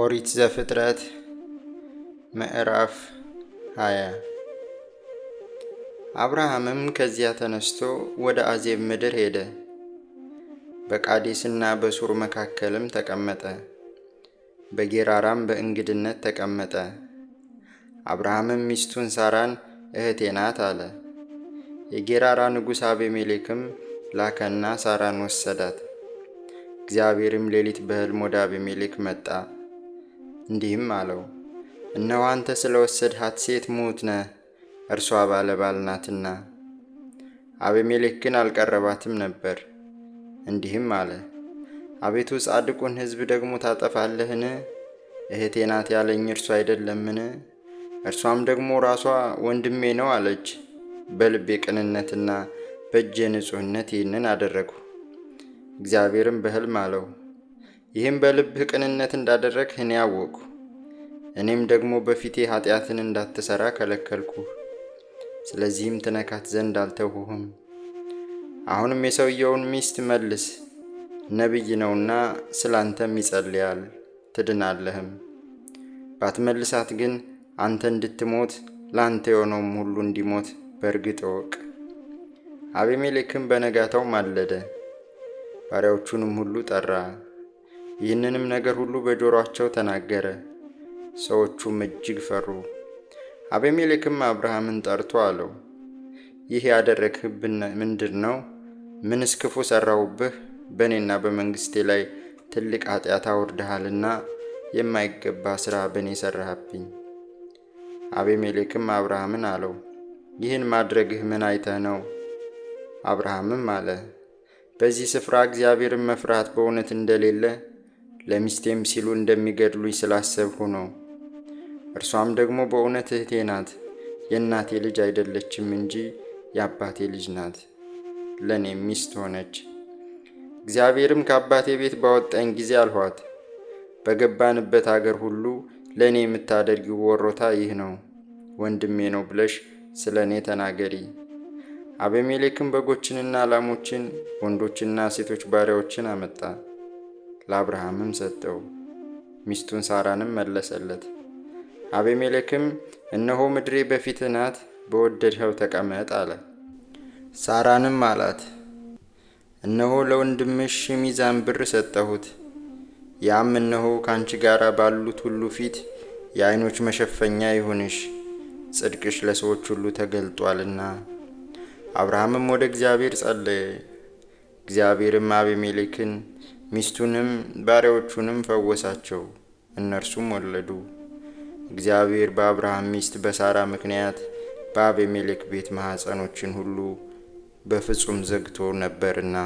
ኦሪት ዘፍጥረት ምዕራፍ ሃያ አብርሃምም ከዚያ ተነስቶ ወደ አዜብ ምድር ሄደ። በቃዴስና በሱር መካከልም ተቀመጠ። በጌራራም በእንግድነት ተቀመጠ። አብርሃምም ሚስቱን ሳራን እህቴ ናት አለ። የጌራራ ንጉሥ አቤሜሌክም ላከና ሳራን ወሰዳት። እግዚአብሔርም ሌሊት በሕልም ወደ አቤሜሌክ መጣ። እንዲህም አለው፣ እነሆ አንተ ስለ ወሰድሃት ሴት ሙት ነ እርሷ ባለ ባል ናትና። አቤሜሌክ ግን አልቀረባትም ነበር። እንዲህም አለ፣ አቤቱ ጻድቁን ሕዝብ ደግሞ ታጠፋለህን? እህቴ ናት ያለኝ እርሱ አይደለምን? እርሷም ደግሞ ራሷ ወንድሜ ነው አለች። በልቤ ቅንነትና በእጄ ንጹሕነት ይህንን አደረግሁ። እግዚአብሔርም በህልም አለው ይህም በልብህ ቅንነት እንዳደረግህ እኔ አወቅሁ። እኔም ደግሞ በፊቴ ኃጢአትን እንዳትሰራ ከለከልኩህ። ስለዚህም ትነካት ዘንድ አልተውሁም። አሁንም የሰውየውን ሚስት መልስ፣ ነቢይ ነውና አንተም ይጸልያል ትድናለህም። ባትመልሳት ግን አንተ እንድትሞት ለአንተ የሆነውም ሁሉ እንዲሞት በእርግጥ እወቅ። አቤሜሌክም በነጋታው ማለደ፣ ባሪያዎቹንም ሁሉ ጠራ። ይህንንም ነገር ሁሉ በጆሮአቸው ተናገረ። ሰዎቹም እጅግ ፈሩ። አቤሜሌክም አብርሃምን ጠርቶ አለው፣ ይህ ያደረግህብን ምንድን ነው? ምንስ ክፉ ሰራሁብህ? በእኔና በመንግስቴ ላይ ትልቅ ኃጢአት አውርድሃልና የማይገባ ሥራ በእኔ ሠራህብኝ። አቤሜሌክም አብርሃምን አለው፣ ይህን ማድረግህ ምን አይተህ ነው? አብርሃምም አለ፣ በዚህ ስፍራ እግዚአብሔርን መፍራት በእውነት እንደሌለ ለሚስቴም ሲሉ እንደሚገድሉኝ ስላሰብሁ ነው። እርሷም ደግሞ በእውነት እህቴ ናት፣ የእናቴ ልጅ አይደለችም እንጂ የአባቴ ልጅ ናት፣ ለእኔም ሚስት ሆነች። እግዚአብሔርም ከአባቴ ቤት ባወጣኝ ጊዜ አልኋት፣ በገባንበት አገር ሁሉ ለእኔ የምታደርጊው ወሮታ ይህ ነው፣ ወንድሜ ነው ብለሽ ስለ እኔ ተናገሪ። አቤሜሌክም በጎችንና ላሞችን፣ ወንዶችና ሴቶች ባሪያዎችን አመጣ። ለአብርሃምም ሰጠው፣ ሚስቱን ሳራንም መለሰለት። አቤሜሌክም እነሆ ምድሬ በፊትህ ናት፣ በወደድኸው ተቀመጥ አለ። ሳራንም አላት እነሆ ለወንድምሽ ሚዛን ብር ሰጠሁት፣ ያም እነሆ ከአንቺ ጋር ባሉት ሁሉ ፊት የዓይኖች መሸፈኛ ይሁንሽ፣ ጽድቅሽ ለሰዎች ሁሉ ተገልጧልና። አብርሃምም ወደ እግዚአብሔር ጸለየ። እግዚአብሔርም አቤሜሌክን ሚስቱንም ባሪያዎቹንም ፈወሳቸው፣ እነርሱም ወለዱ። እግዚአብሔር በአብርሃም ሚስት በሳራ ምክንያት በአቤሜሌክ ቤት ማኅፀኖችን ሁሉ በፍጹም ዘግቶ ነበርና።